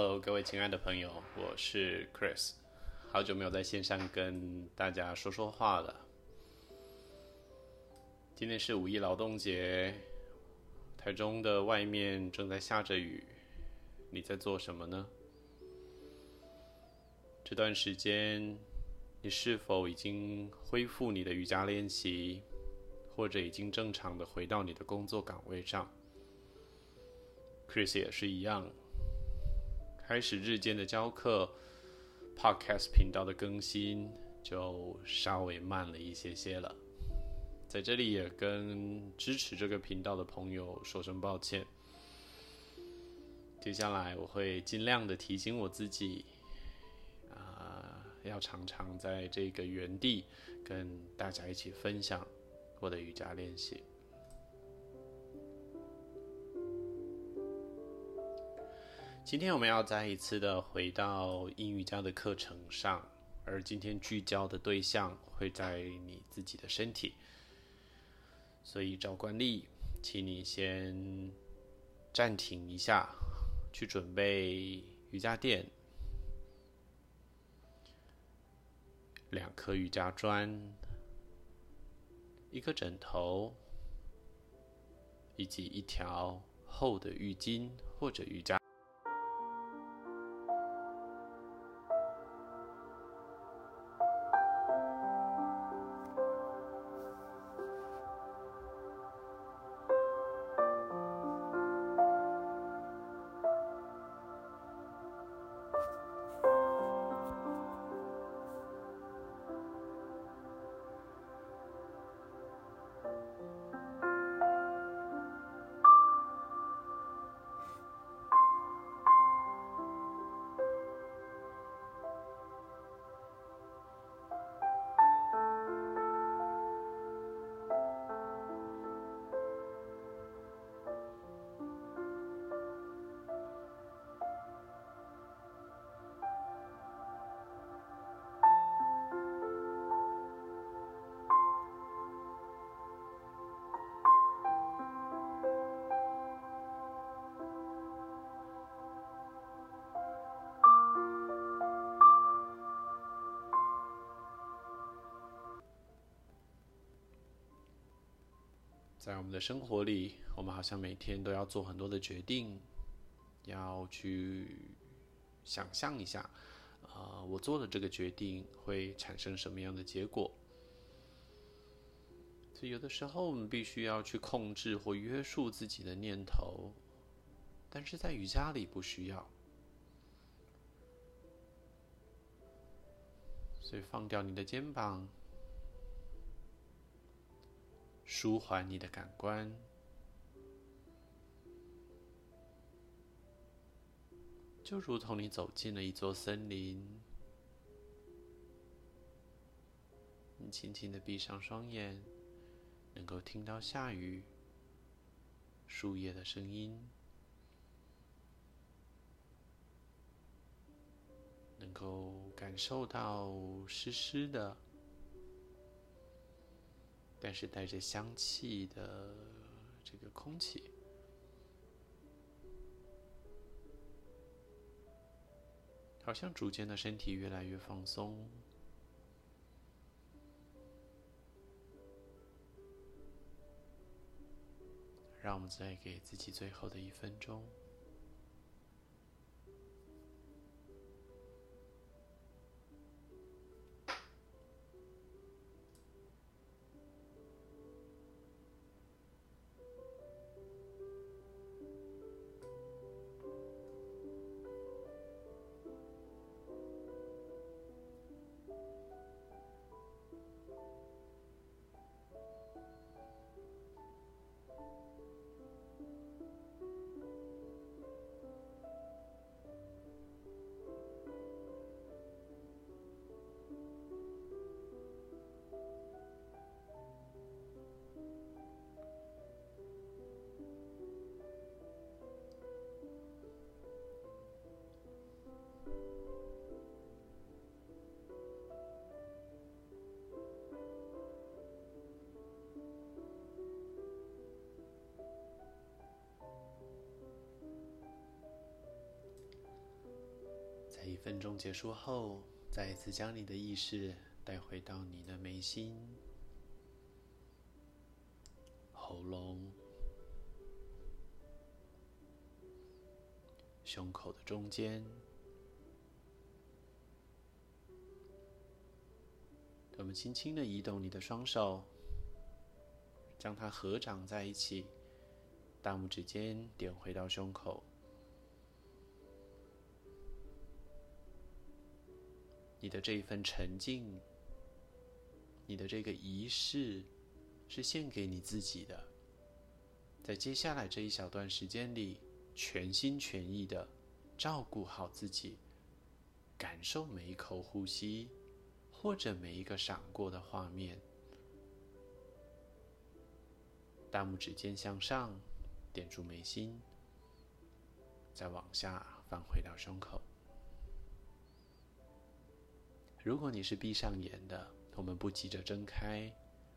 Hello，各位親愛的朋友，我是 Kris，好久沒有在線上跟大家說說話了。今天是五一勞動節，台中的外面正在下着雨，你在做什麼呢？這段時間，你是否已經恢復你的瑜伽練習，或者已經正常的回到你的工作崗位上？Kris 也是一樣。開始日間的教課，Podcast 頻道的更新就稍微慢了一些些了。在這裡也跟支持這個頻道的朋友說聲抱歉。接下來我會盡量的提醒我自己，啊、呃，要常常在這個原地跟大家一起分享我的瑜伽練習。今天我們要再一次的回到陰瑜伽的課程上，而今天聚焦的對象會在你自己的身體，所以照慣例，請你先暫停一下，去準備瑜伽墊、兩顆瑜伽磚、一個枕頭，以及一條厚的浴巾或者瑜伽。在我們的生活裡，我們好像每天都要做很多的決定，要去想象一下，啊、呃，我做了這個決定會產生什麼樣的結果。所以有的時候我們必須要去控制或約束自己的念頭，但是在瑜伽裡不需要。所以放掉你的肩膀。舒緩你的感官，就如同你走進了一座森林。你輕輕的閉上雙眼，能夠聽到下雨、樹葉的聲音，能夠感受到濕濕的。但是帶着香氣的這個空氣，好像逐漸的身體越來越放鬆。讓我們再給自己最後的一分鐘。一分鐘結束後，再一次將你的意識帶回到你的眉心、喉嚨、胸口的中間。我們輕輕的移動你的雙手，將它合掌在一起，大拇指尖點回到胸口。你的這一份沉靜，你的這個儀式，是獻給你自己的。在接下來這一小段時間裡，全心全意的照顧好自己，感受每一口呼吸，或者每一個閃過的畫面。大拇指尖向上，點住眉心，再往下放回到胸口。如果你是閉上眼的，我們不急着睜開，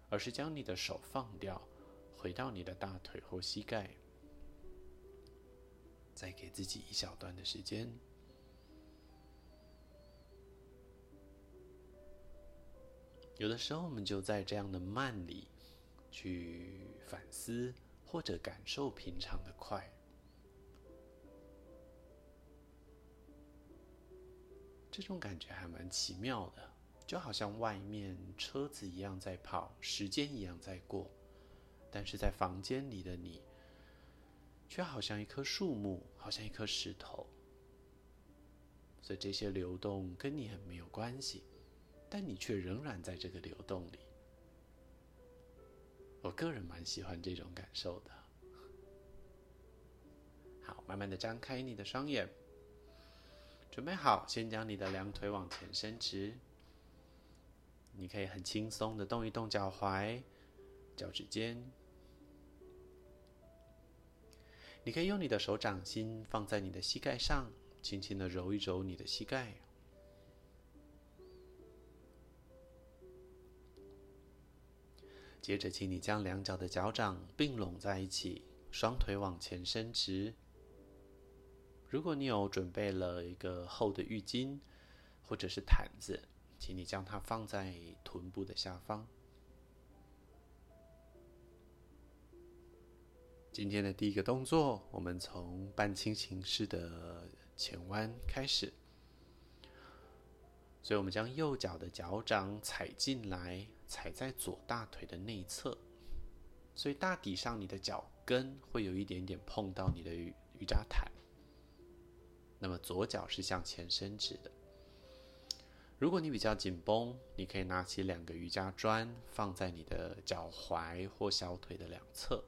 而是將你的手放掉，回到你的大腿或膝蓋，再給自己一小段的時間。有的時候，我們就在這樣的慢裡去反思或者感受平常的快。這種感覺還蠻奇妙的，就好像外面車子一樣在跑，時間一樣在過，但是在房間裡的你，卻好像一棵樹木，好像一顆石頭，所以這些流動跟你很沒有關係，但你卻仍然在這個流動裡。我個人蠻喜歡這種感受的。好，慢慢的張開你的雙眼。準備好，先將你的兩腿往前伸直。你可以很輕鬆的動一動腳踝、腳趾尖。你可以用你的手掌心放在你的膝蓋上，輕輕的揉一揉你的膝蓋。接着，請你將兩腳的腳掌併攏在一起，雙腿往前伸直。如果你有準備了一個厚的浴巾或者是毯子，請你將它放在臀部的下方。今天的第一個動作，我們從半蜻蜓式的前彎開始。所以我們將右腳的腳掌踩進來，踩在左大腿的內側，所以大抵上你的腳跟會有一點點碰到你的瑜伽毯。那麼左腳是向前伸直的。如果你比較緊繃，你可以拿起兩個瑜伽磚放在你的腳踝或小腿的兩側。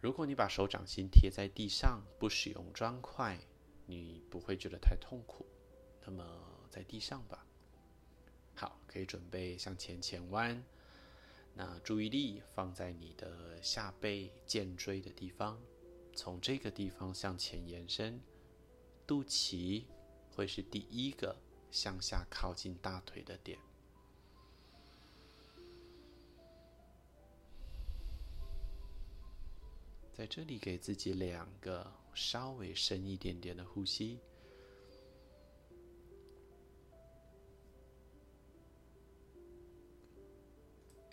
如果你把手掌心貼在地上，不使用磚塊，你不會覺得太痛苦。那麼在地上吧。好，可以準備向前前彎。那注意力放在你的下背、薦椎的地方。從這個地方向前延伸，肚臍會是第一個向下靠近大腿的點。在這裡給自己兩個稍微深一點點的呼吸，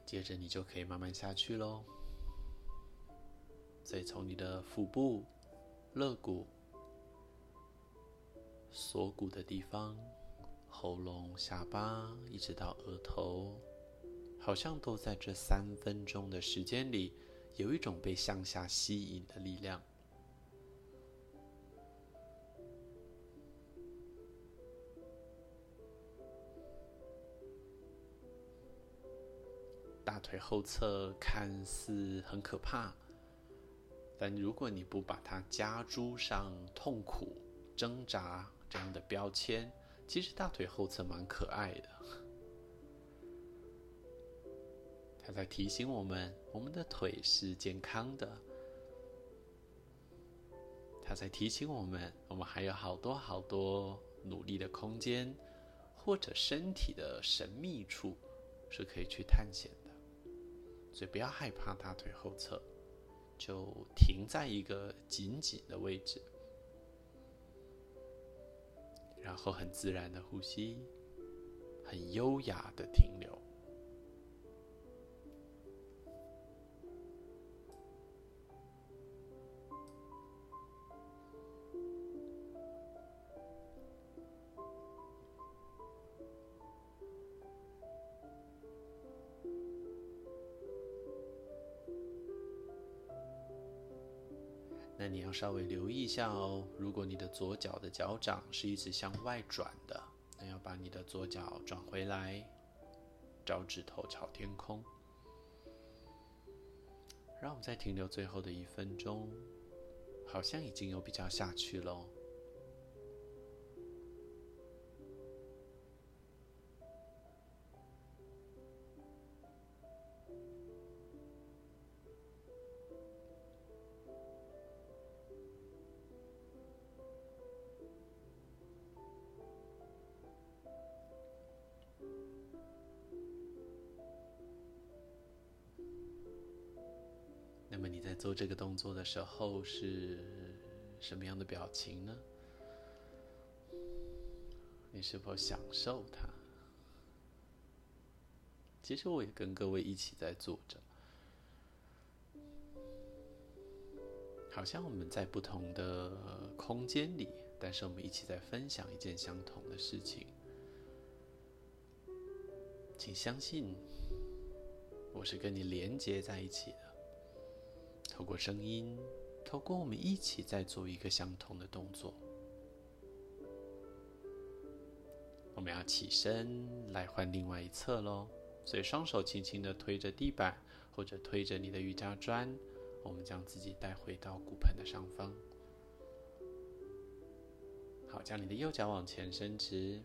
接着你就可以慢慢下去嘍。所以從你的腹部、肋骨、鎖骨的地方、喉嚨、下巴，一直到額頭，好像都在這三分鐘的時間裡，有一種被向下吸引的力量。大腿後側看似很可怕。但如果你不把它加諸上痛苦、掙扎這樣的標籤，其實大腿後側蠻可愛的。它在提醒我們，我們的腿是健康的。它在提醒我們，我們還有好多好多努力的空間，或者身體的神秘處是可以去探險的。所以不要害怕大腿後側。就停在一個緊緊的位置，然後很自然的呼吸，很優雅的停留。稍微留意一下哦，如果你的左腳的腳掌是一直向外轉的，那要把你的左腳轉回來，腳趾頭朝天空。讓我們再停留最後的一分鐘，好像已經有比較下去了哦。這個動作的時候是什麼樣的表情呢？你是否享受它？其實我也跟各位一起在做着，好像我們在不同的空間裡，但是我們一起在分享一件相同的事情。請相信，我是跟你連接在一起的。透過聲音，透過我們一起再做一個相同的動作。我們要起身來換另外一側嘍，所以雙手輕輕的推着地板，或者推着你的瑜伽磚，我們將自己帶回到骨盆的上方。好，將你的右腳往前伸直，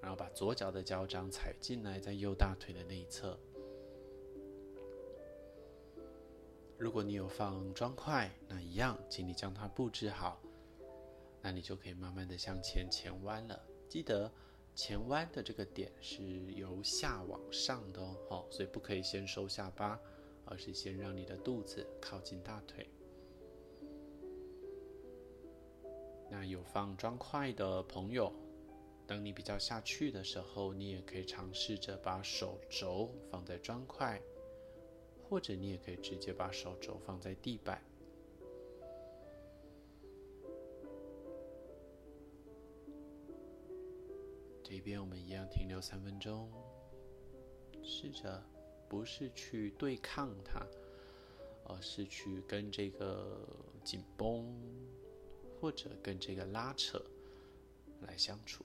然後把左腳的腳掌踩進來，在右大腿的內側。如果你有放磚塊，那一樣，請你將它布置好，那你就可以慢慢地向前前彎了。記得前彎的這個點是由下往上的哦，好，哦，所以不可以先收下巴，而是先讓你的肚子靠近大腿。那有放磚塊的朋友，當你比較下去的時候，你也可以嘗試着把手肘放在磚塊。或者你也可以直接把手肘放在地板，這邊我們一樣停留三分鐘，試着不是去對抗它，而是去跟這個緊繃或者跟這個拉扯來相處。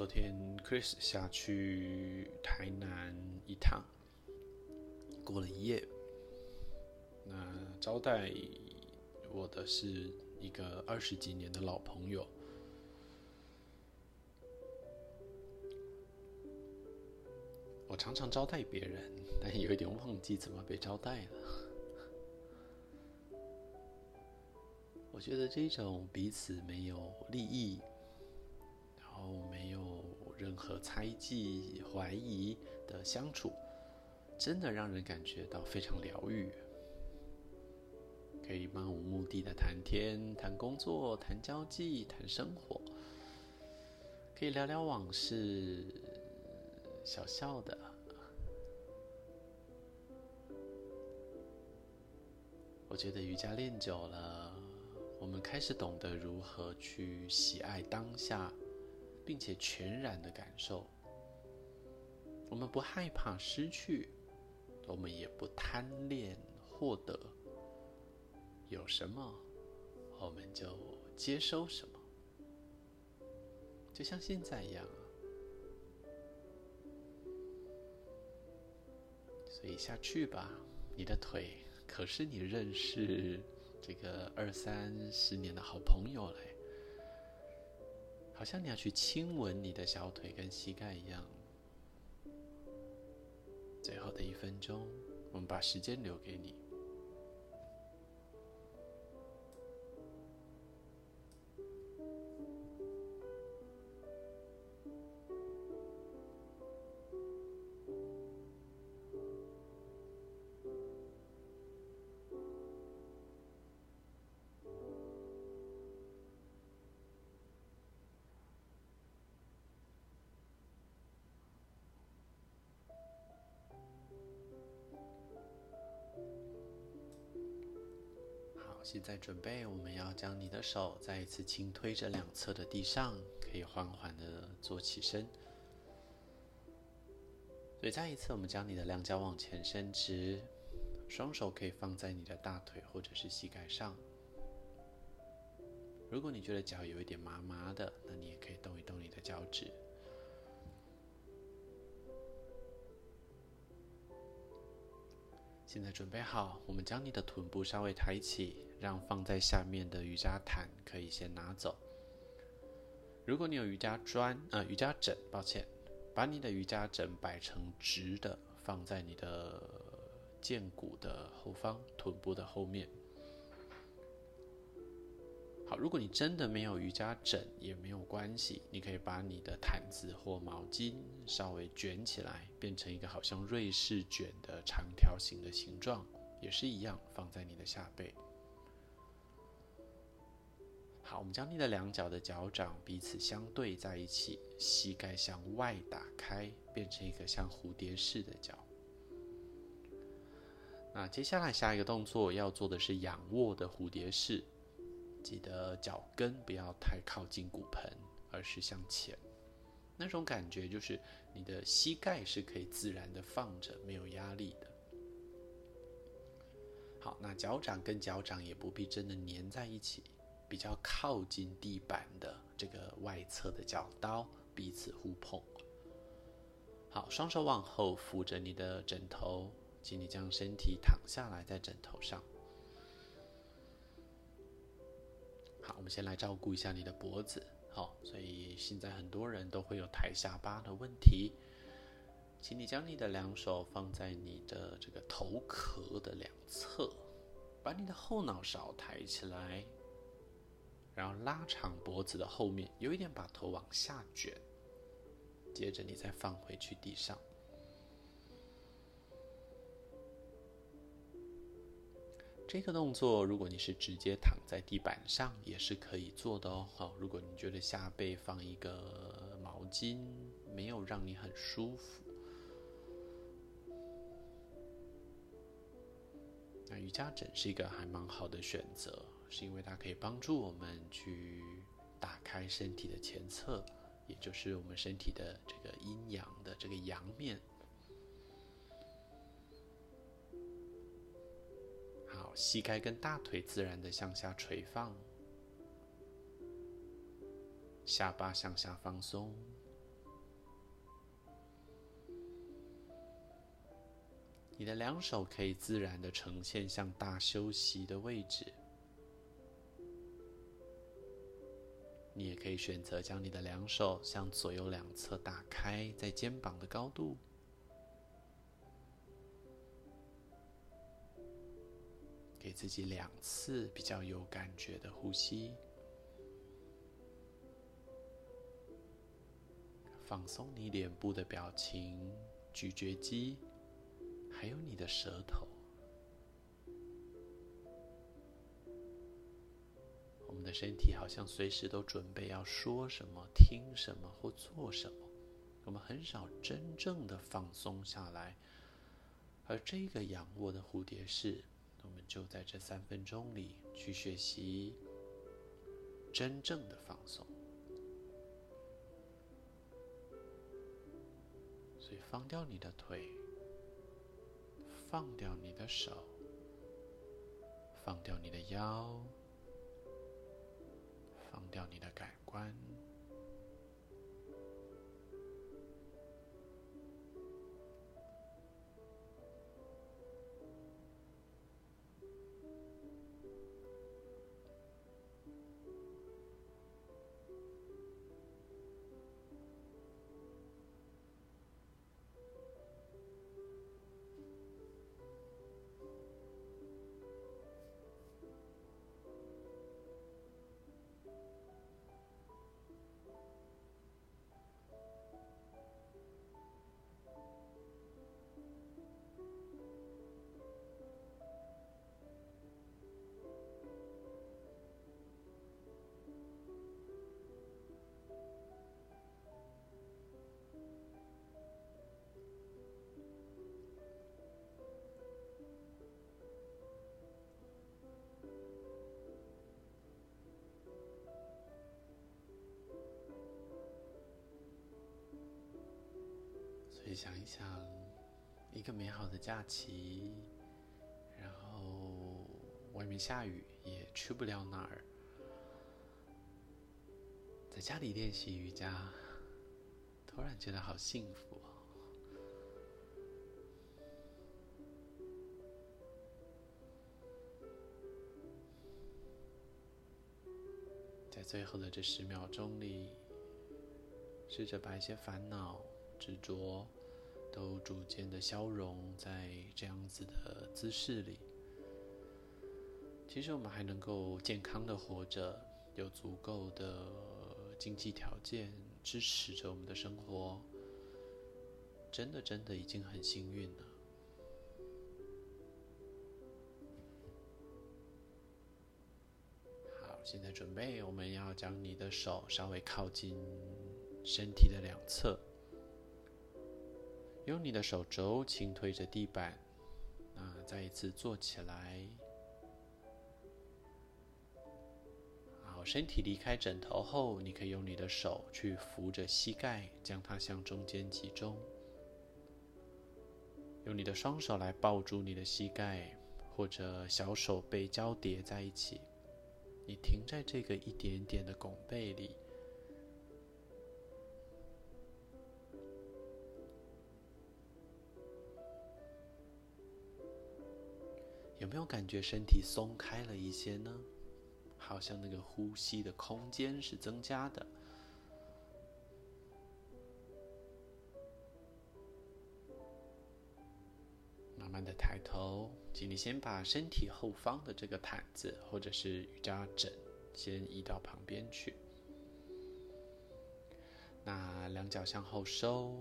昨天 Kris 下去台南一趟，過了一夜。那招待我的是一個二十幾年的老朋友。我常常招待別人，但有一點忘記怎麼被招待了。我覺得這種彼此沒有利益，然後沒有。任何猜忌、懷疑的相處，真的讓人感覺到非常療癒。可以漫無目的的談天、談工作、談交際、談生活，可以聊聊往事，小笑的。我覺得瑜伽練久了，我們開始懂得如何去喜愛當下。並且全然的感受，我們不害怕失去，我們也不貪戀獲得。有什麼，我們就接收什麼，就像現在一樣。所以下去吧，你的腿可是你認識這個二三十年的好朋友了。好像你要去親吻你的小腿跟膝蓋一樣，最後的一分鐘，我們把時間留給你。現在準備，我們要將你的手再一次輕推着兩側的地上，可以緩緩的坐起身。所以再一次，我們將你的兩腳往前伸直，雙手可以放在你的大腿或者是膝蓋上。如果你覺得腳有一點麻麻的，那你也可以動一動你的腳趾。現在準備好，我們將你的臀部稍微抬起。讓放在下面的瑜伽毯，可以先拿走。如果你有瑜伽磚，呃，瑜伽枕，抱歉，把你的瑜伽枕擺成直的，放在你的薦骨的後方，臀部的後面。好，如果你真的沒有瑜伽枕也沒有關係，你可以把你的毯子或毛巾稍微捲起來，變成一個好像瑞士卷的長條形的形狀，也是一樣，放在你的下背。好，我們將你的兩腳的腳掌彼此相對在一起，膝蓋向外打開，變成一個像蝴蝶式的腳。那接下來下一個動作要做的是仰臥的蝴蝶式，記得腳跟不要太靠近骨盆，而是向前。那種感覺就是你的膝蓋是可以自然的放着，沒有壓力的。好，那腳掌跟腳掌也不必真的粘在一起。比較靠近地板的這個外側的腳刀彼此互碰。好，雙手往後扶着你的枕頭，請你將身體躺下來在枕頭上。好，我們先來照顧一下你的脖子。好，所以現在很多人都會有抬下巴的問題，請你將你的兩手放在你的這個頭殼的兩側，把你的後腦勺抬起來。然後拉長脖子的後面，有一點把頭往下捲，接着你再放回去地上。這個動作，如果你是直接躺在地板上，也是可以做的哦。好，如果你覺得下背放一個毛巾沒有讓你很舒服，那瑜伽枕是一個還蠻好的選擇。是因為它可以幫助我們去打開身體的前側，也就是我們身體的這個陰陽的這個陽面。好，膝蓋跟大腿自然的向下垂放，下巴向下放鬆，你的兩手可以自然的呈現像大休息的位置。你也可以選擇將你的兩手向左右兩側打開，在肩膀的高度，給自己兩次比較有感覺的呼吸，放鬆你臉部的表情、咀嚼肌，還有你的舌頭。我們的身體好像隨時都準備要說什麼、聽什麼或做什麼，我們很少真正的放鬆下來。而這個仰臥的蝴蝶式，我們就在這三分鐘裡去學習真正的放鬆。所以放掉你的腿，放掉你的手，放掉你的腰。放掉你的感官。想一想，一個美好的假期，然後外面下雨也去不了哪兒，在家裡練習瑜伽，突然覺得好幸福哦，在最後的這十秒鐘裡，試着把一些煩惱、執着。都逐漸的消融，在這樣子的姿勢裡。其實我們還能夠健康的活着，有足夠的經濟條件支持着我們的生活，真的真的已經很幸運了。好，現在準備，我們要將你的手稍微靠近身體的兩側。用你的手肘輕推着地板，啊，再一次坐起來。好，身體離開枕頭後，你可以用你的手去扶着膝蓋，將它向中間集中。用你的雙手來抱住你的膝蓋，或者小手背交疊在一起。你停在這個一點點的拱背裡。有沒有感覺身體鬆開了一些呢？好像那個呼吸的空間是增加的。慢慢的抬頭，請你先把身體後方的這個毯子或者是瑜伽枕先移到旁邊去。那兩腳向後收，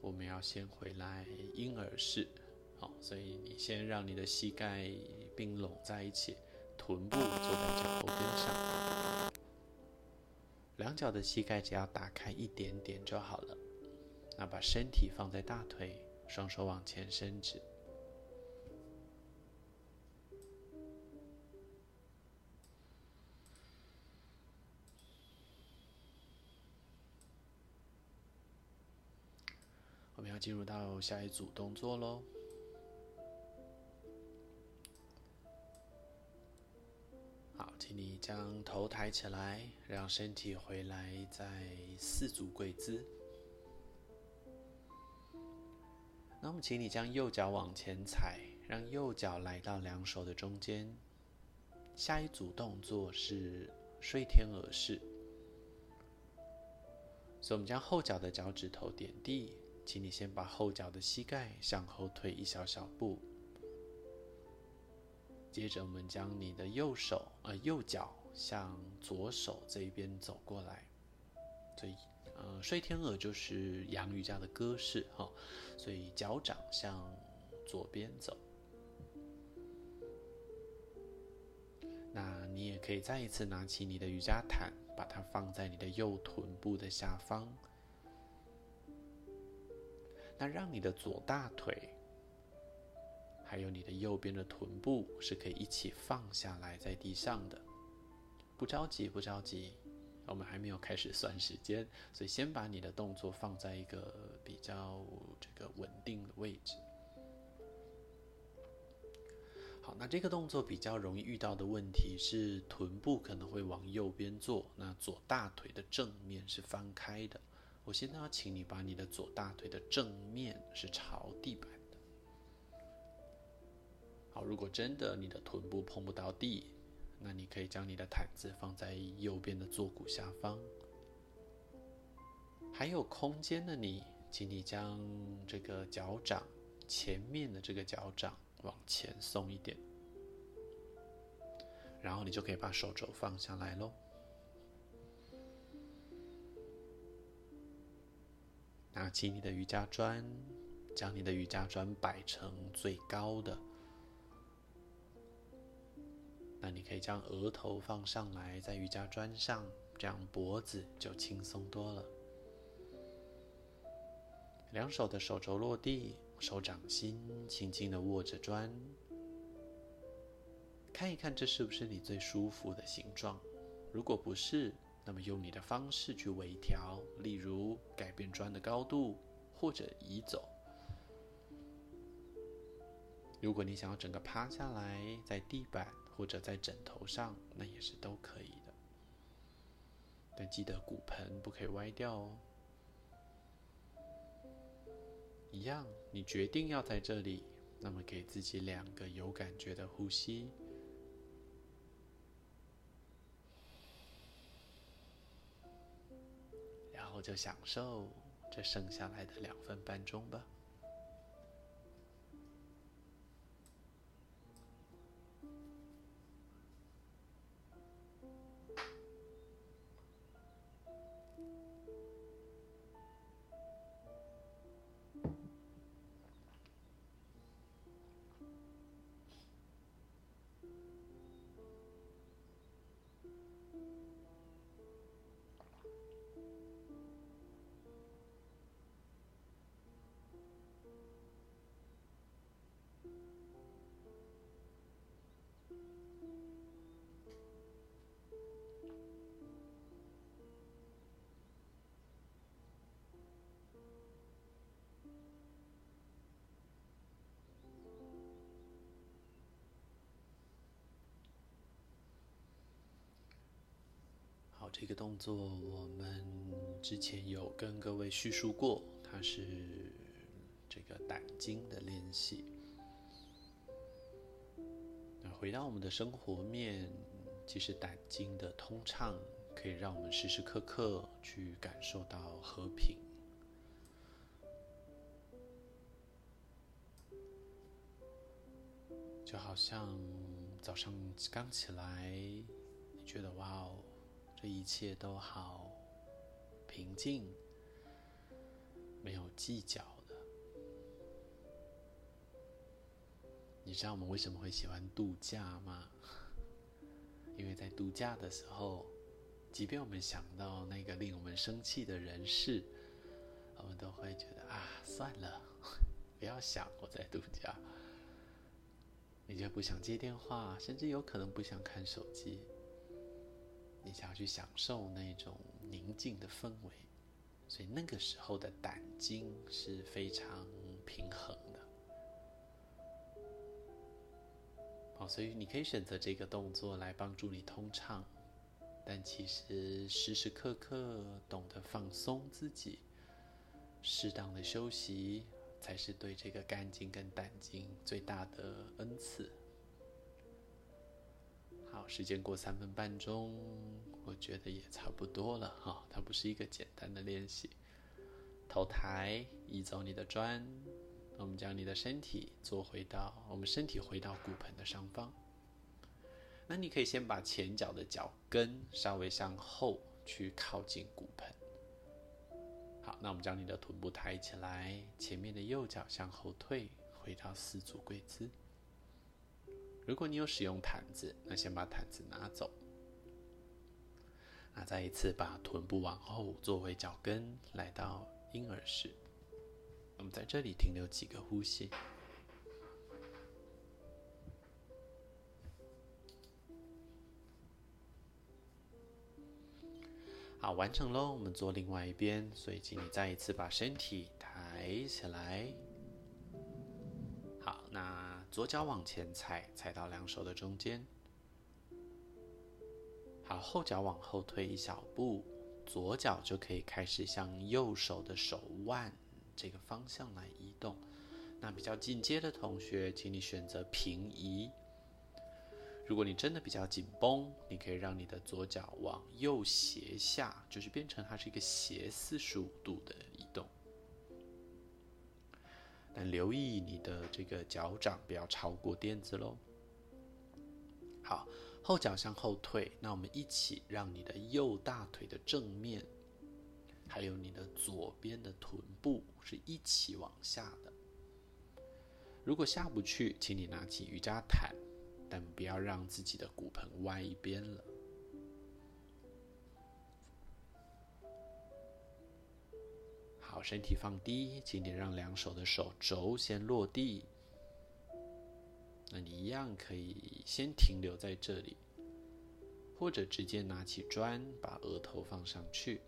我們要先回來嬰兒式。好、哦，所以你先讓你的膝蓋併攏在一起，臀部坐在腳後跟上，兩腳的膝蓋只要打開一點點就好了。那把身體放在大腿，雙手往前伸直。我們要進入到下一組動作嘍。請你將頭抬起來，讓身體回來，在四足跪姿。那我們請你將右腳往前踩，讓右腳來到兩手的中間。下一組動作是睡天鵝式，所以我們將後腳的腳趾頭點地，請你先把後腳的膝蓋向後退一小小步。接着，我們將你的右手呃右腳向左手這一邊走過來，所以，呃，睡天鵝就是陰瑜伽的姿勢哈、哦，所以腳掌向左邊走。那你也可以再一次拿起你的瑜伽毯，把它放在你的右臀部的下方，那讓你的左大腿。還有你的右邊的臀部是可以一起放下來在地上的，不着急，不着急，我們還沒有開始算時間，所以先把你的動作放在一個比較這個穩定的位置。好，那這個動作比較容易遇到的問題是臀部可能會往右邊坐，那左大腿的正面是翻開的。我現在要請你把你的左大腿的正面是朝地板。如果真的你的臀部碰不到地，那你可以將你的毯子放在右邊的坐骨下方。還有空間的你，請你將這個腳掌，前面的這個腳掌往前送一點，然後你就可以把手肘放下來咯。拿起你的瑜伽磚，將你的瑜伽磚擺成最高的。那你可以將額頭放上來，在瑜伽磚上，這樣脖子就輕鬆多了。兩手的手肘落地，手掌心輕輕的握着磚，看一看這是不是你最舒服的形狀。如果不是，那麼用你的方式去微調，例如改變磚的高度，或者移走。如果你想要整個趴下來，在地板。或者在枕頭上，那也是都可以的。但記得骨盆不可以歪掉哦。一樣，你決定要在這裡，那麼給自己兩個有感覺的呼吸，然後就享受這剩下來的兩分半鐘吧。這個動作我們之前有跟各位敘述過，它是這個膽經的練習。那回到我們的生活面，其實膽經的通暢可以讓我們時時刻刻去感受到和平，就好像早上剛起來，你覺得哇哦。這一切都好平靜，沒有計較的。你知道我們為什麼會喜歡度假嗎？因為在度假的時候，即便我們想到那個令我們生氣的人事，我們都會覺得啊，算了，不要想，我在度假。你就不想接電話，甚至有可能不想看手機。你想要去享受那種寧靜的氛圍，所以那個時候的膽經是非常平衡的。好、哦，所以你可以選擇這個動作來幫助你通暢，但其實時時刻刻懂得放鬆自己，適當的休息才是對這個肝經跟膽經最大的恩賜。時間過三分半鐘，我覺得也差不多了哈，哦。它不是一個簡單的練習。頭抬，移走你的磚。我們將你的身體坐回到，我們身體回到骨盆的上方。那你可以先把前腳的腳跟稍微向後去靠近骨盆。好，那我們將你的臀部抬起來，前面的右腳向後退，回到四足跪姿。如果你有使用毯子，那先把毯子拿走。那再一次把臀部往後坐、哦、回腳跟，來到嬰兒式。我們在這裡停留幾個呼吸。好，完成嘍。我們做另外一邊。所以，請你再一次把身體抬起來。好，那。左腳往前踩，踩到兩手的中間。好，後腳往後退一小步，左腳就可以開始向右手的手腕這個方向來移動。那比較進階的同學，請你選擇平移。如果你真的比較緊繃，你可以讓你的左腳往右斜下，就是變成它是一個斜四十五度的移動。但留意你的這個腳掌不要超過墊子嘍。好，後腳向後退，那我們一起讓你的右大腿的正面，還有你的左邊的臀部是一起往下的。如果下不去，請你拿起瑜伽毯，但不要讓自己的骨盆歪一邊了。把身體放低，今天讓兩手的手肘先落地。那你一樣可以先停留在這裡，或者直接拿起磚，把額頭放上去。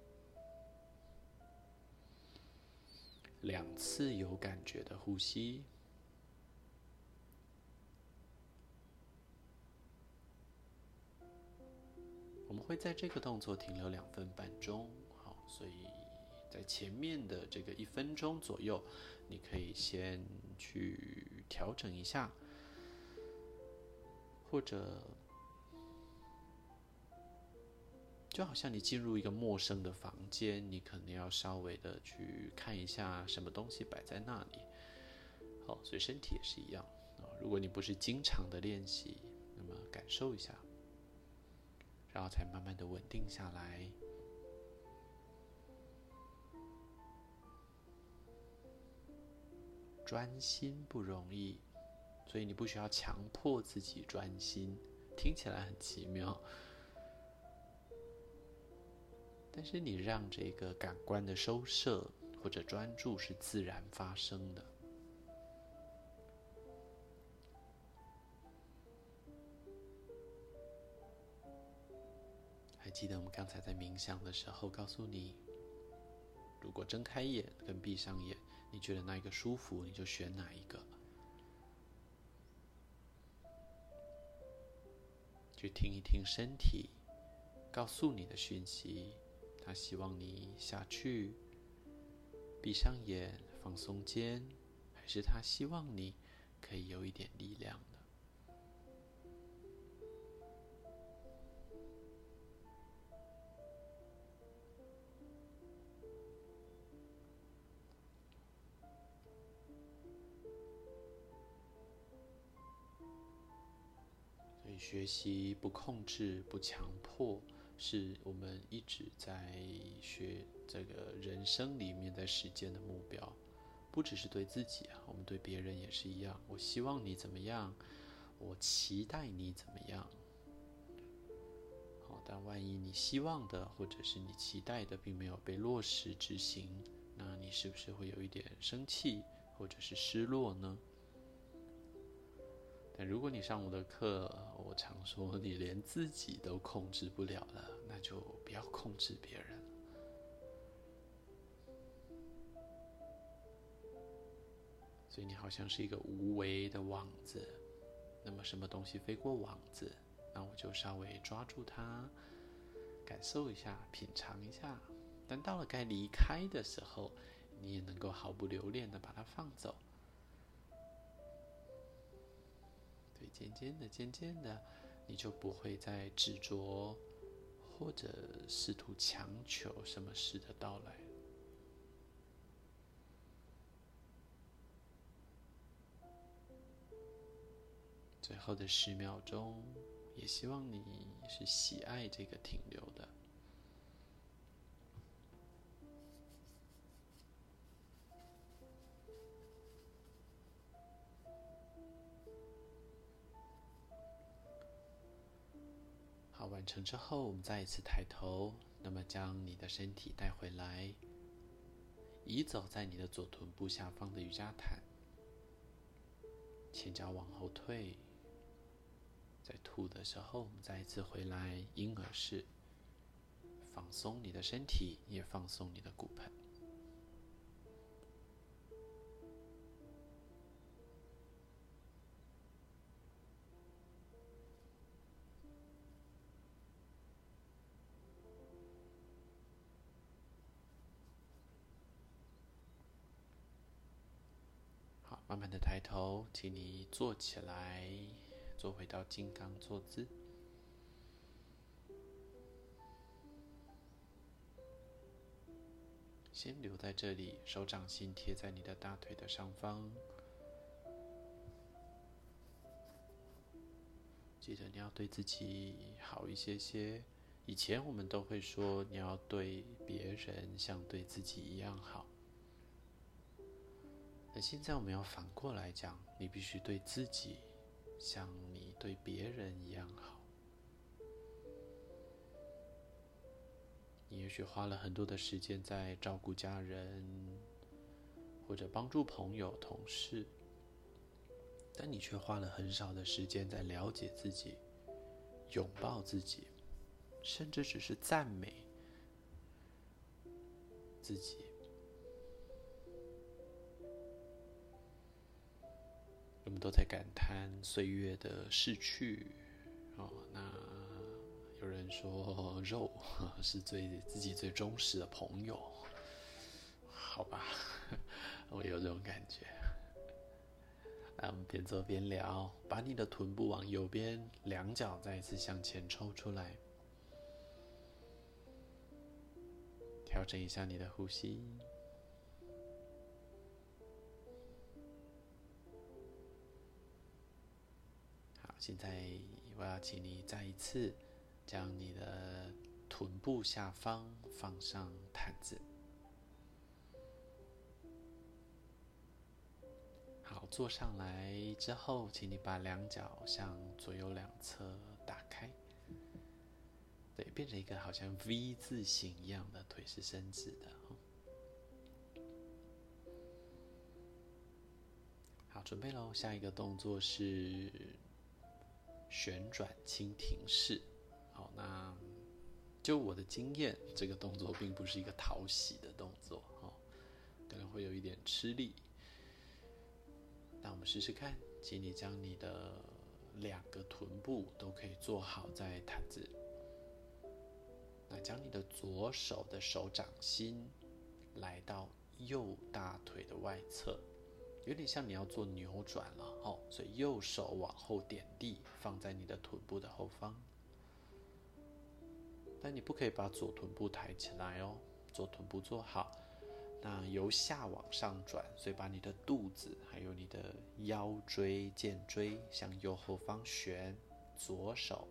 兩次有感覺的呼吸，我們會在這個動作停留兩分半鐘。好，所以。在前面的這個一分鐘左右，你可以先去調整一下，或者就好像你進入一個陌生的房間，你可能要稍微的去看一下什麼東西擺在那裡。好，所以身體也是一樣。如果你不是經常的練習，那麼感受一下，然後才慢慢的穩定下來。專心不容易，所以你不需要強迫自己專心，聽起來很奇妙。但是你讓這個感官的收攝或者專注是自然發生的。還記得我們剛才在冥想的時候告訴你，如果睜開眼跟閉上眼。你覺得哪一個舒服，你就選哪一個。去聽一聽身體告訴你的訊息，它希望你下去，閉上眼，放鬆肩，還是它希望你可以有一點力量？學習不控制、不強迫，是我們一直在學這個人生裡面在實踐的目標。不只是對自己啊，我們對別人也是一樣。我希望你怎麼樣，我期待你怎麼樣。好，但萬一你希望的或者是你期待的並沒有被落實執行，那你是不是會有一點生氣或者是失落呢？如果你上我的課，我常說你連自己都控制不了了，那就不要控制別人。所以你好像是一個無為的網子，那麼什麼東西飛過網子，那我就稍微抓住它，感受一下，品嘗一下。但到了該離開的時候，你也能夠毫不留戀的把它放走。漸漸的，漸漸的，你就不會再執着，或者試圖強求什麼事的到來。最後的十秒鐘，也希望你是喜愛這個停留的。完成之後，我們再一次抬頭，那麼將你的身體帶回來，移走在你的左臀部下方的瑜伽毯，前腳往後退，在吐的時候，我們再一次回來嬰兒式，放鬆你的身體，也放鬆你的骨盆。慢慢的抬頭，請你坐起來，坐回到金剛坐姿，先留在這裡，手掌心貼在你的大腿的上方。記得你要對自己好一些些。以前我們都會說，你要對別人像對自己一樣好。那現在我們要反過來講，你必須對自己像你對別人一樣好。你也許花了很多的時間在照顧家人，或者幫助朋友、同事，但你卻花了很少的時間在了解自己、擁抱自己，甚至只是讚美自己。我們都在感嘆歲月的逝去，哦，那有人說肉是最自己最忠實的朋友，好吧， 我有這種感覺。來，啊，我們邊做邊聊，把你的臀部往右邊，兩腳再一次向前抽出來，調整一下你的呼吸。現在我要請你再一次將你的臀部下方放上毯子，好，好坐上來之後，請你把兩腳向左右兩側打開，對，變成一個好像 V 字形一樣的腿是伸直的，好，準備咯，下一個動作是。旋轉蜻蜓式，好，那就我的經驗，這個動作並不是一個討喜的動作，哦，可能會有一點吃力。那我們試試看，請你將你的兩個臀部都可以坐好在毯子，那將你的左手的手掌心來到右大腿的外側。有點像你要做扭轉了哦，所以右手往後點地，放在你的臀部的後方。但你不可以把左臀部抬起來哦，左臀部做好。那由下往上轉，所以把你的肚子還有你的腰椎、肩椎，向右後方旋。左手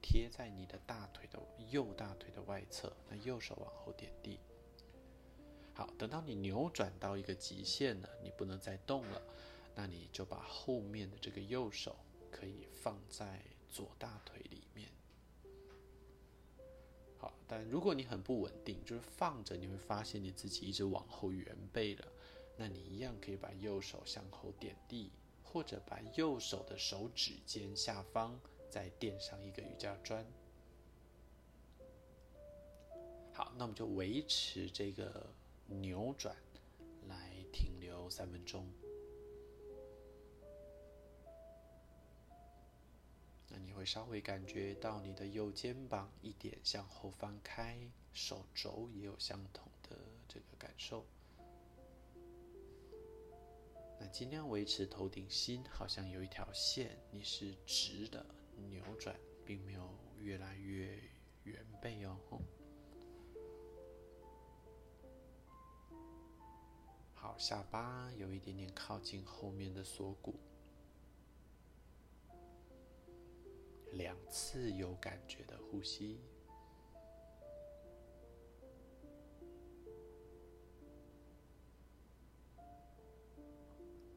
貼在你的大腿的右大腿的外側，那右手往後點地。好，等到你扭轉到一個極限了，你不能再動了，那你就把後面的這個右手可以放在左大腿裡面。好，但如果你很不穩定，就是放着你會發現你自己一直往後圓背了，那你一樣可以把右手向後點地，或者把右手的手指尖下方再墊上一個瑜伽磚。好，那我們就維持這個。扭轉，來停留三分鐘。那你會稍微感覺到你的右肩膀一點向後翻開，手肘也有相同的這個感受。那盡量維持頭頂心，好像有一條線，你是直的，扭轉，並沒有越來越圓背哦。好，下巴有一點點靠近後面的鎖骨，兩次有感覺的呼吸，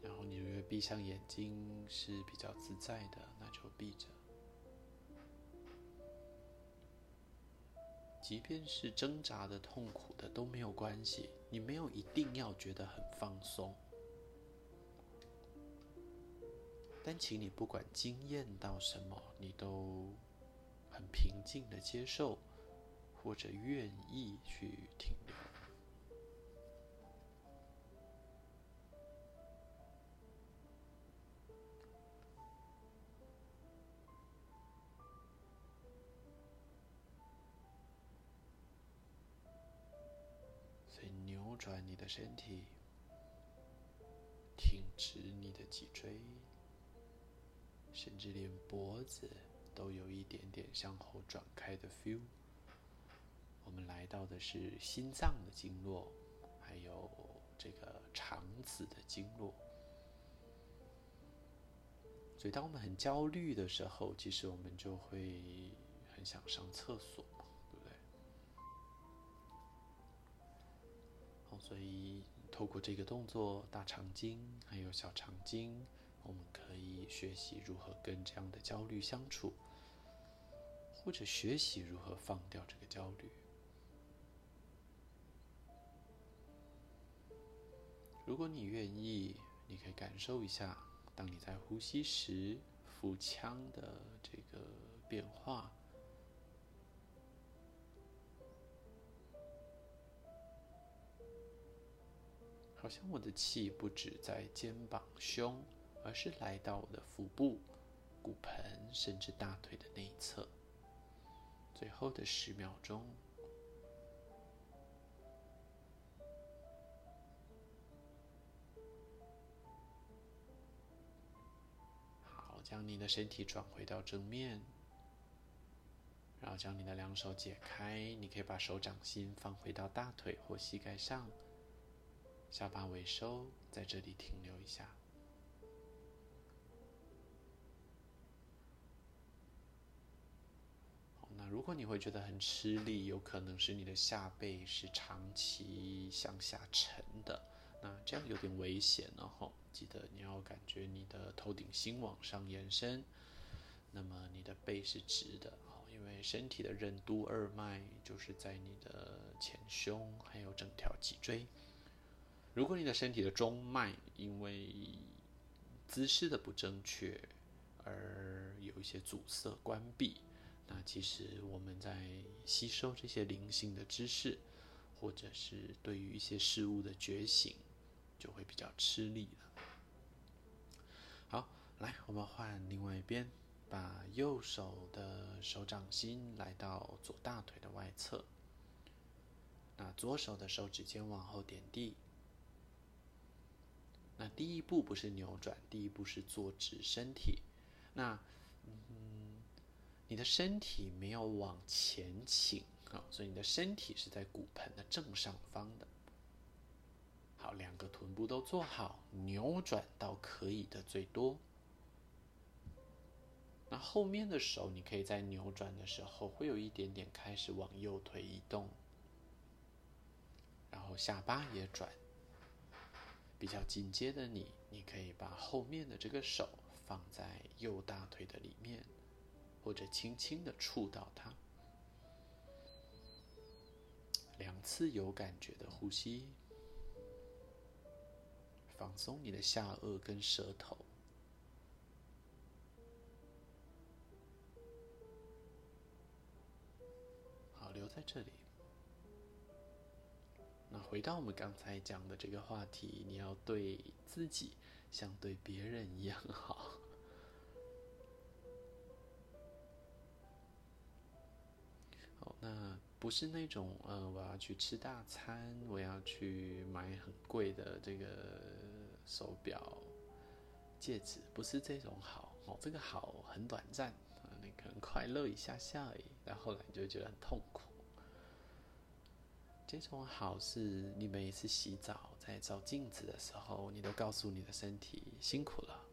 然後你如果閉上眼睛是比較自在的，那就閉着。即便是掙扎的、痛苦的都沒有關係，你沒有一定要覺得很放鬆，但請你不管經驗到什麼，你都很平靜的接受，或者願意去停留。轉你的身體，挺直你的脊椎，甚至連脖子都有一點點向後轉開的 feel。我們來到的是心臟的經絡，還有這個腸子的經絡。所以，當我們很焦慮的時候，其實我們就會很想上廁所。所以，透過這個動作，大腸經還有小腸經，我們可以學習如何跟這樣的焦慮相處，或者學習如何放掉這個焦慮。如果你願意，你可以感受一下，當你在呼吸時，腹腔的這個變化。好像我的氣不止在肩膀、胸，而是來到我的腹部、骨盆，甚至大腿的內側。最後的十秒鐘，好，將你的身體轉回到正面，然後將你的兩手解開。你可以把手掌心放回到大腿或膝蓋上。下巴微收，在這裡停留一下。好，那如果你會覺得很吃力，有可能是你的下背是長期向下沉的，那這樣有點危險哦。記得你要感覺你的頭頂心往上延伸，那麼你的背是直的哦，因為身體的任督二脈就是在你的前胸還有整條脊椎。如果你的身體的中脈因為姿勢的不正確而有一些阻塞關閉，那其實我們在吸收這些靈性的知識，或者是對於一些事物的覺醒，就會比較吃力了。好，來，我們換另外一邊，把右手的手掌心來到左大腿的外側，那左手的手指尖往後點地。那第一步不是扭轉，第一步是坐直身體。那，嗯，你的身體沒有往前傾啊、哦，所以你的身體是在骨盆的正上方的。好，兩個臀部都坐好，扭轉到可以的最多。那後面的時候，你可以在扭轉的時候會有一點點開始往右腿移動，然後下巴也轉。比較緊接的你，你可以把後面的這個手放在右大腿的裡面，或者輕輕的觸到它。兩次有感覺的呼吸，放鬆你的下顎跟舌頭。好，留在這裡。那回到我們剛才講的這個話題，你要對自己像對別人一樣好，好。那不是那種，呃，我要去吃大餐，我要去買很貴的這個手錶、戒指，不是這種好哦。這個好很短暫，那個快樂一下下而已，後來你就覺得很痛苦。這種好事，你每一次洗澡在照鏡子的時候，你都告訴你的身體辛苦了。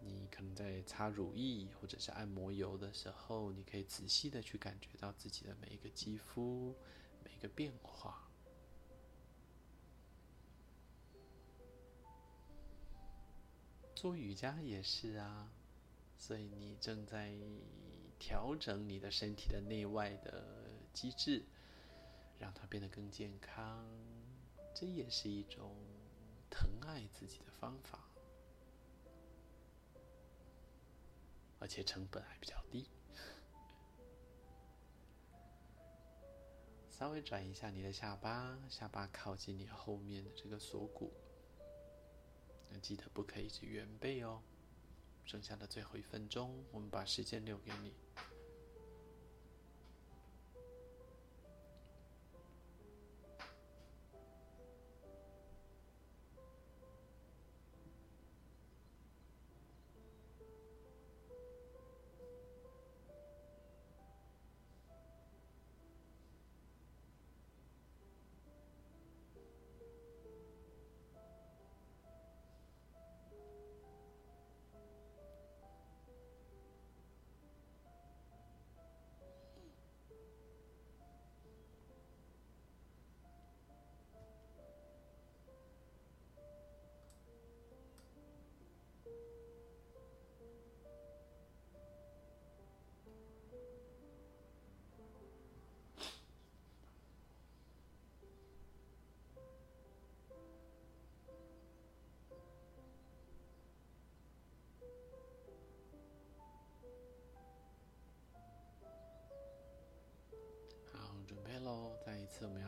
你可能在擦乳液或者是按摩油的時候，你可以仔細的去感覺到自己的每一個肌膚，每一個變化。做瑜伽也是啊，所以你正在調整你的身體的內外的。機制，讓它變得更健康，這也是一種疼愛自己的方法，而且成本還比較低。稍微轉一下你的下巴，下巴靠近你後面的這個鎖骨，那記得不可以是圓背哦。剩下的最後一分鐘，我們把時間留給你。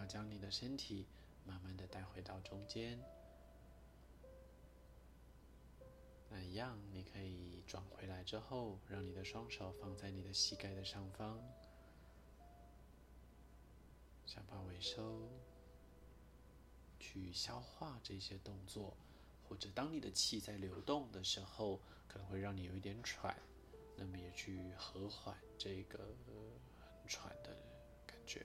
將你的身體慢慢的帶回到中間，那一樣，你可以轉回來之後，讓你的雙手放在你的膝蓋的上方，下巴微收，去消化這些動作。或者，當你的氣在流動的時候，可能會讓你有一點喘，那麼也去和緩這個很喘的感覺。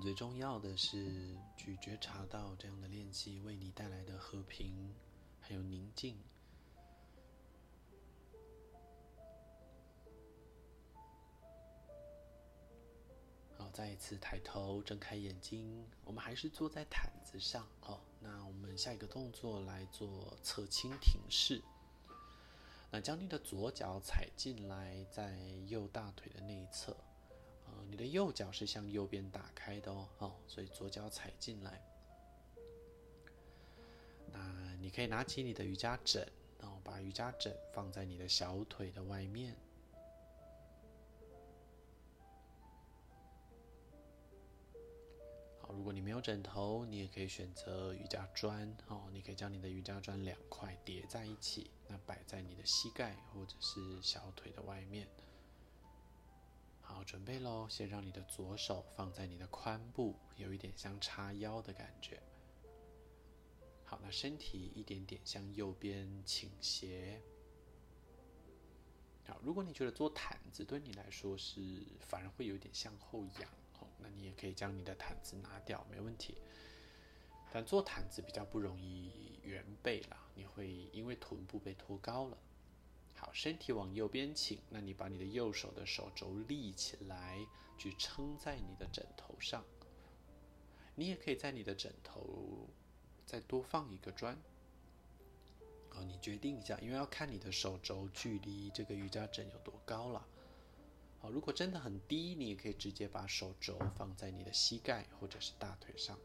最重要的是，去覺察到這樣的練習為你帶來的和平，還有寧靜。好，再一次抬頭，睜開眼睛。我們還是坐在毯子上哦。那我們下一個動作來做側蜻蜓式。那將你的左腳踩進來，在右大腿的那一側。你的右腳是向右邊打開的哦，哦，所以左腳踩進來。那你可以拿起你的瑜伽枕，然後把瑜伽枕放在你的小腿的外面。好，如果你沒有枕頭，你也可以選擇瑜伽磚哦。你可以將你的瑜伽磚兩塊疊在一起，那擺在你的膝蓋或者是小腿的外面。準備咯，先讓你的左手放在你的髖部，有一點像叉腰的感覺。好，那身體一點點向右邊傾斜。好，如果你覺得坐毯子對你來說是反而會有點向後仰，哦，那你也可以將你的毯子拿掉，沒問題。但坐毯子比較不容易圓背了，你會因為臀部被拖高了。好，身體往右邊傾，那你把你的右手的手肘立起來，去撐在你的枕頭上。你也可以在你的枕頭再多放一個磚，好，你決定一下，因為要看你的手肘距離這個瑜伽枕有多高了。好，如果真的很低，你也可以直接把手肘放在你的膝蓋或者是大腿上。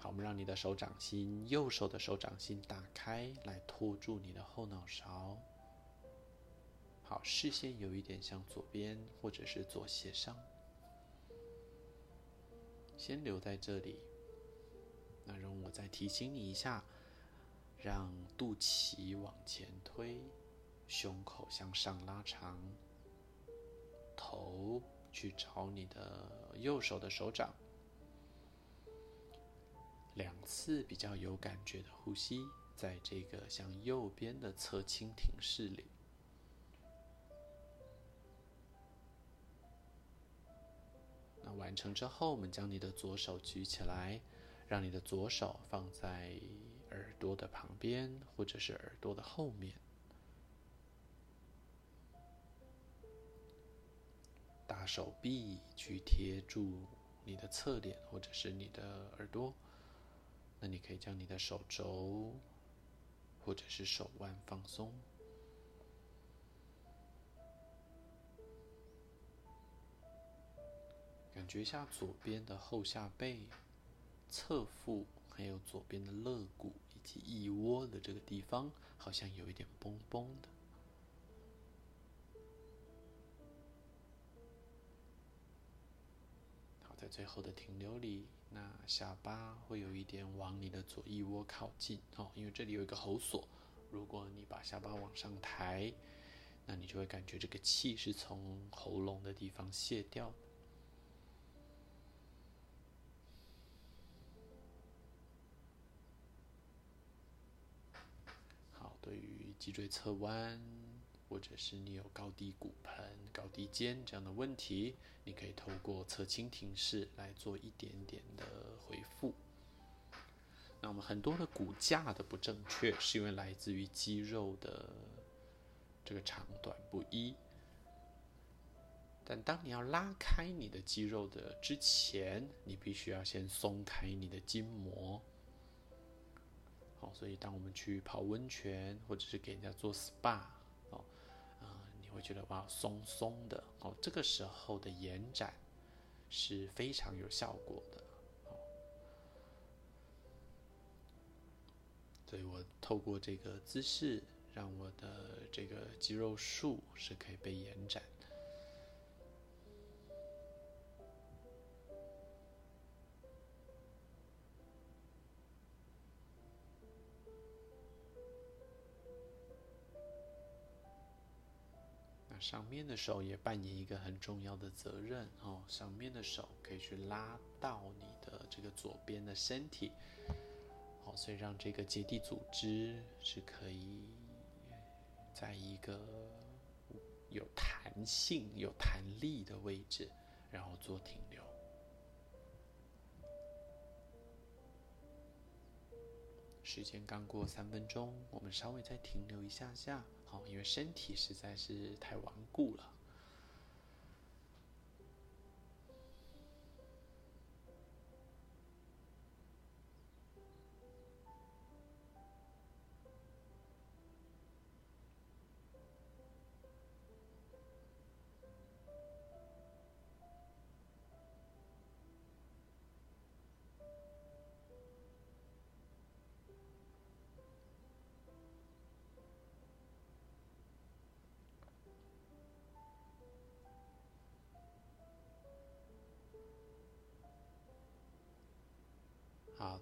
好，我們讓你的手掌心，右手的手掌心打開來托住你的後腦勺。好，視線有一點向左邊或者是左斜上，先留在這裡。那容我再提醒你一下，讓肚臍往前推，胸口向上拉長，頭去找你的右手的手掌。兩次比較有感覺的呼吸，在這個向右邊的側蜻蜓式裡。那完成之後，我們將你的左手舉起來，讓你的左手放在耳朵的旁邊或者是耳朵的後面，大手臂去貼住你的側臉或者是你的耳朵。那你可以將你的手肘，或者是手腕放鬆，感覺一下左邊的後下背、側腹，還有左邊的肋骨以及腋窩的這個地方，好像有一點繃繃的。好，在最後的停留裡。那下巴會有一點往你的左腋窩靠近哦，因為這裡有一個喉鎖。如果你把下巴往上抬，那你就會感覺這個氣是從喉嚨的地方泄掉。好，對於脊椎側彎。或者是你有高低骨盆、高低肩這樣的問題，你可以透過側蜻蜓式來做一點點的恢復。那我們很多的骨架的不正確，是因為來自於肌肉的這個長短不一。但當你要拉開你的肌肉的之前，你必須要先鬆開你的筋膜。好，所以當我們去泡溫泉或者是給人家做 SPA。會覺得哇，松松的哦，這個時候的延展是非常有效果的哦，所以我透過這個姿勢，讓我的這個肌肉束是可以被延展的。上面的手也扮演一個很重要的責任哦。上面的手可以去拉到你的這個左邊的身體，好、哦，所以讓這個結締組織是可以在一個有彈性、有彈力的位置，然後做停留。時間剛過三分鐘，我們稍微再停留一下下。哦，因為身體實在是太頑固了。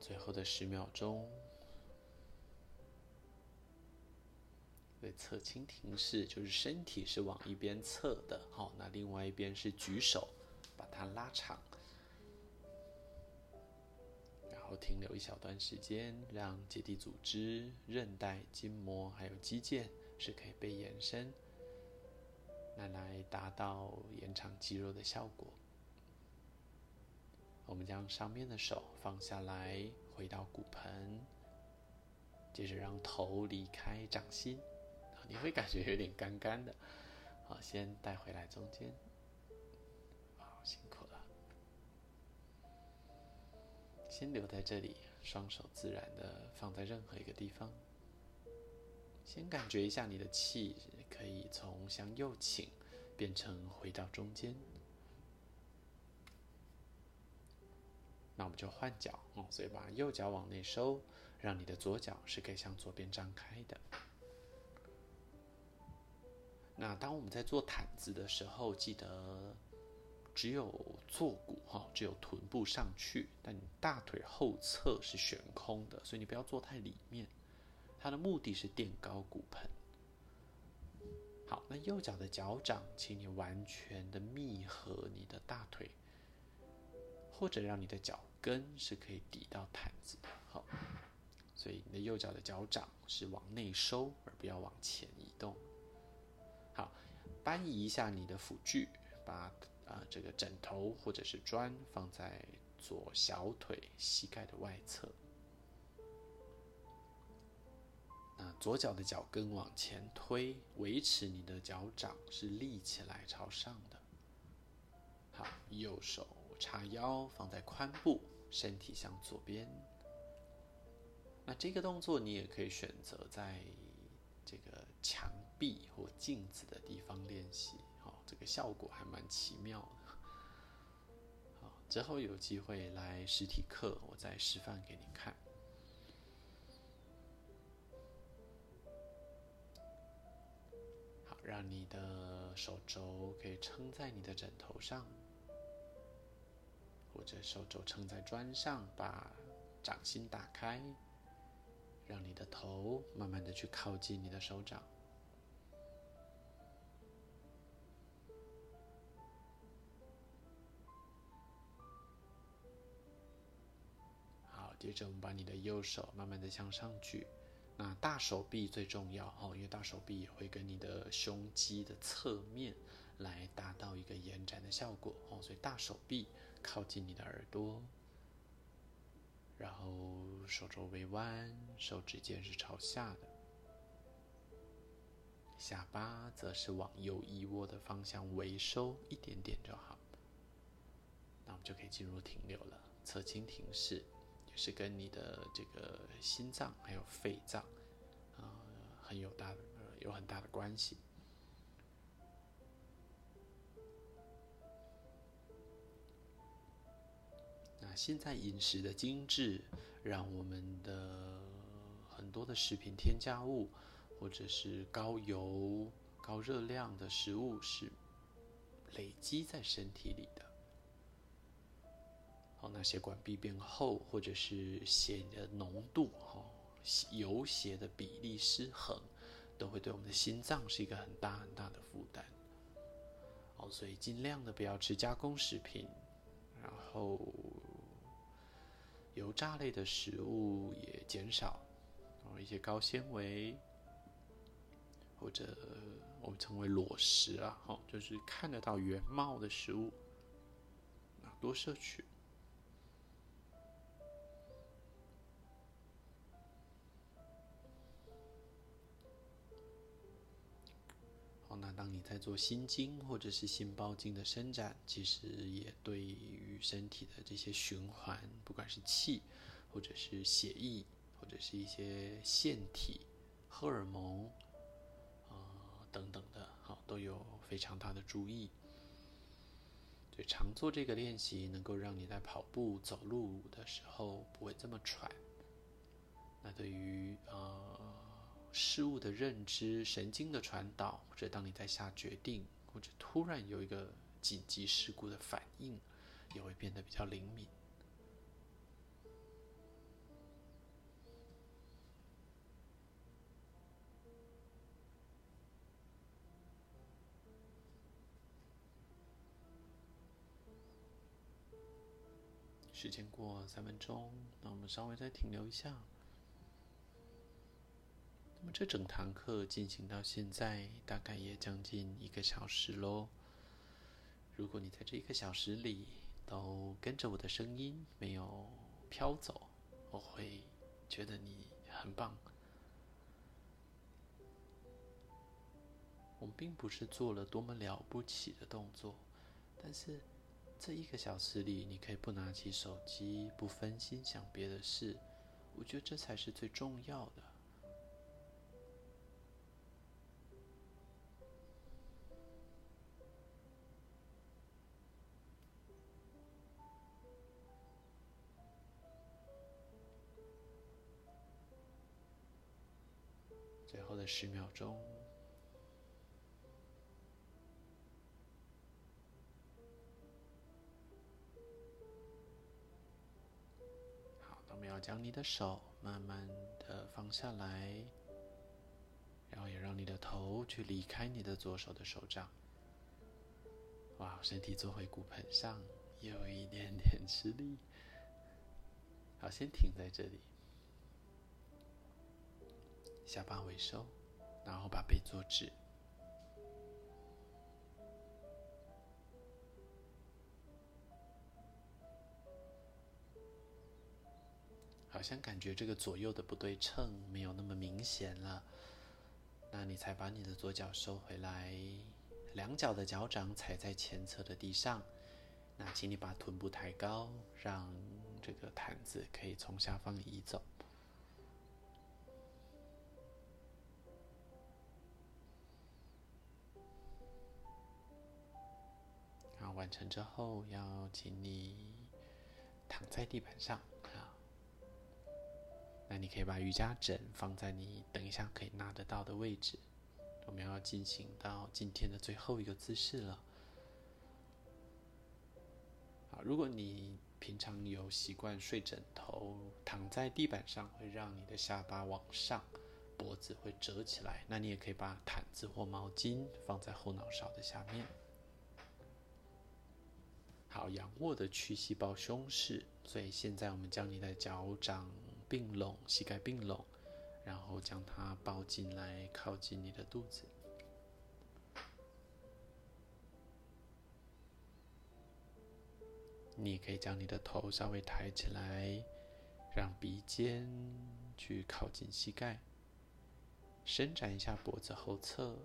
最後的十秒鐘，對，側蜻蜓式，就是身體是往一邊側的，好、哦，那另外一邊是舉手，把它拉長，然後停留一小段時間，讓結締組織、韌帶、筋膜還有肌腱是可以被延伸，那來達到延長肌肉的效果。我們將上面的手放下來，回到骨盆，接着讓頭離開掌心，你會感覺有點乾乾的。好，先帶回來中間。好，辛苦了。先留在這裡，雙手自然的放在任何一個地方。先感覺一下你的氣，可以從向右傾，變成回到中間。那我們就換腳哦，嗯，所以把右腳往內收，讓你的左腳是可以向左邊張開的。那當我們在做毯子的時候，記得只有坐骨哈，只有臀部上去，但你大腿後側是懸空的，所以你不要坐太裡面。它的目的是墊高骨盆。好，那右腳的腳掌，請你完全的密合你的大腿，或者讓你的腳。根是可以抵到毯子的，好，所以你的右腳的腳掌是往內收，而不要往前移動。好，搬移一下你的輔具，把啊、呃、這個枕頭或者是磚放在左小腿膝蓋的外側。那左腳的腳跟往前推，維持你的腳掌是立起來朝上的。好，右手。叉腰放在髖部，身體向左邊。那這個動作你也可以選擇在這個牆壁或鏡子的地方練習，好，哦，這個效果還蠻奇妙的。好，之後有機會來實體課，我再示範給你看。好，讓你的手肘可以撐在你的枕頭上。或者手肘撐在磚上，把掌心打開，讓你的頭慢慢的去靠近你的手掌。好，接着我們把你的右手慢慢的向上舉，那大手臂最重要哦，因為大手臂也會跟你的胸肌的側面。來達到一個延展的效果哦，所以大手臂靠近你的耳朵，然後手肘微彎，手指尖是朝下的，下巴則是往右腋窩的方向微收一點點就好。那我們就可以進入停留了，側蜻蜓式，也、就是跟你的這個心臟還有肺臟啊、呃、很有大有很大的關係。現在飲食的精緻，讓我們的很多的食品添加物，或者是高油、高熱量的食物是累積在身體裡的。哦，那血管壁變厚，或者是血的濃度、哈、哦、油血的比例失衡，都會對我們的心臟是一個很大很大的負擔。哦，所以盡量的不要吃加工食品，然後。油炸類的食物也減少，然後一些高纖維，或者我們稱為裸食啊，好，就是看得到原貌的食物多攝取。那當你在做心經或者是心包經的伸展，其實也對於身體的這些循環，不管是氣，或者是血液，或者是一些腺體、荷爾蒙，啊、呃、等等的，好、啊、都有非常大的注意。就常做這個練習，能夠讓你在跑步、走路的時候不會這麼喘。那對於呃。事物的認知、神經的傳導，或者當你在下決定，或者突然有一個緊急事故的反應，也會變得比較靈敏。時間過三分鐘，那我們稍微再停留一下。這整堂課進行到現在，大概也將近一個小時嘍。如果你在這一個小時裡都跟着我的聲音沒有飄走，我會覺得你很棒。我們並不是做了多麼了不起的動作，但是這一個小時裡，你可以不拿起手機，不分心想別的事，我覺得這才是最重要的。十秒鐘。好，那麼要將你的手慢慢的放下來，然後也讓你的頭去離開你的左手的手掌。哇，身體坐回骨盆上，有一點點吃力。好，先停在這裡，下巴回收。然後把背坐直，好像感覺這個左右的不對稱沒有那麼明顯了。那你才把你的左腳收回來，兩腳的腳掌踩在前側的地上。那請你把臀部抬高，讓這個毯子可以從下方移走。完成之後，要請你躺在地板上啊。那你可以把瑜伽枕放在你等一下可以拿得到的位置。我們要進行到今天的最後一個姿勢了。啊，如果你平常有習慣睡枕頭，躺在地板上會讓你的下巴往上，脖子會折起來。那你也可以把毯子或毛巾放在後腦勺的下面。好，仰臥的屈膝抱胸式，所以現在我們將你的腳掌併攏，膝蓋併攏，然後將它抱進來，靠近你的肚子。你也可以將你的頭稍微抬起來，讓鼻尖去靠近膝蓋，伸展一下脖子後側，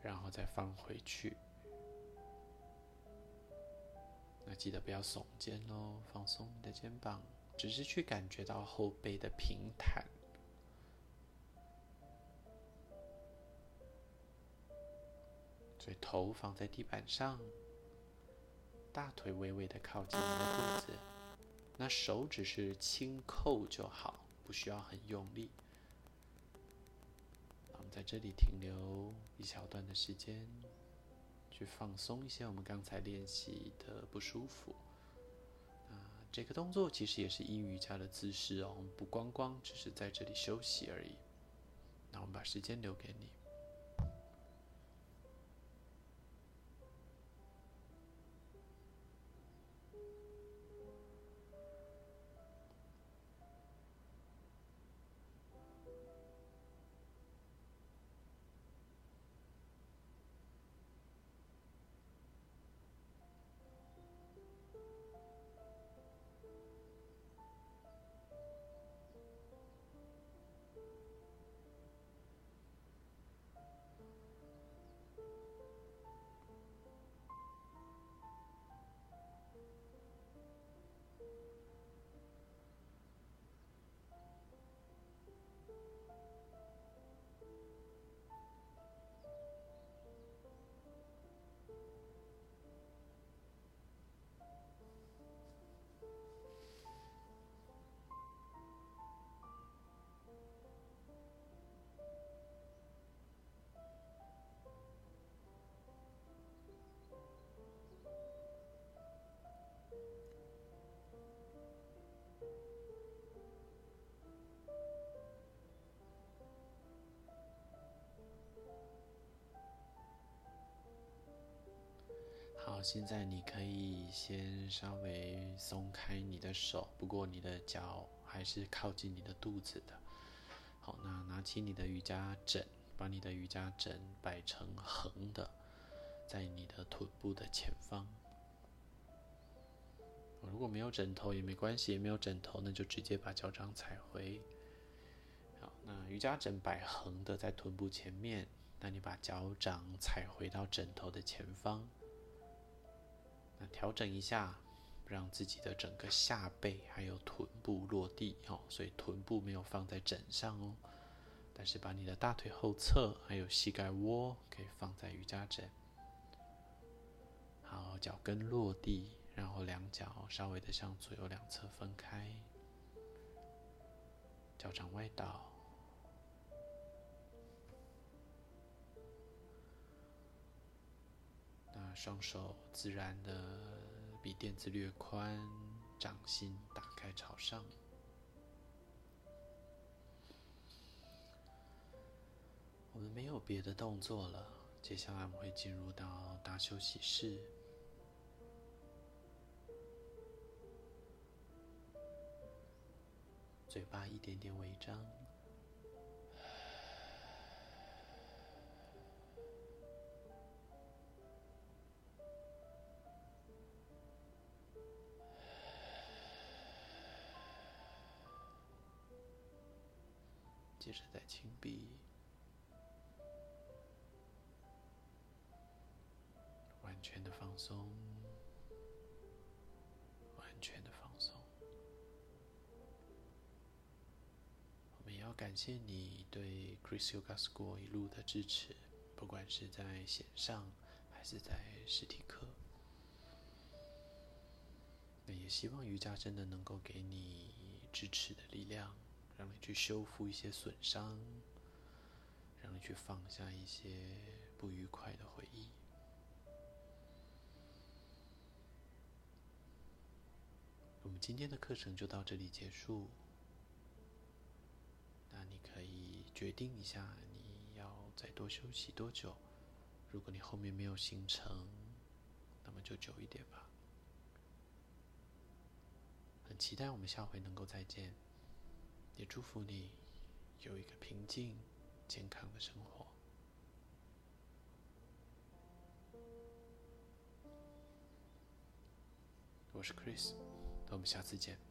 然後再放回去。那記得不要聳肩嘍，放鬆你的肩膀，只是去感覺到後背的平坦。所以頭放在地板上，大腿微微的靠近你的肚子，那手指是輕扣就好，不需要很用力。我們在這裡停留一小段的時間。去放鬆一下我們剛才練習的不舒服。啊，這個動作其實也是陰瑜伽的姿勢哦，不光光只是在這裡休息而已。那我們把時間留給你。現在你可以先稍微鬆開你的手，不過你的腳還是靠近你的肚子的。好，那拿起你的瑜伽枕，把你的瑜伽枕擺成橫的，在你的臀部的前方。如果沒有枕頭也沒關係，也沒有枕頭那就直接把腳掌踩回。好，那瑜伽枕擺橫的在臀部前面，那你把腳掌踩回到枕頭的前方。調整一下，讓自己的整個下背還有臀部落地哦，所以臀部沒有放在枕上哦，但是把你的大腿後側還有膝蓋窩可以放在瑜伽枕。好，腳跟落地，然後兩腳稍微的向左右兩側分開，腳掌外倒。雙手自然的比墊子略寬，掌心打開朝上。我們沒有別的動作了，接下來我們會進入到大休息室。嘴巴一點點微張。臂，完全的放鬆，完全的放鬆。我們也要感謝你對 Kris Yoga School 一路的支持，不管是在線上還是在實體課。那也希望瑜伽真的能夠給你支持的力量，讓你去修復一些損傷。讓你去放下一些不愉快的回憶。我們今天的課程就到這裡結束。那你可以決定一下，你要再多休息多久？如果你後面沒有行程，那麼就久一點吧。很期待我們下回能夠再見，也祝福你有一個平靜，健康的生活。我是 Chris，那我們下次見。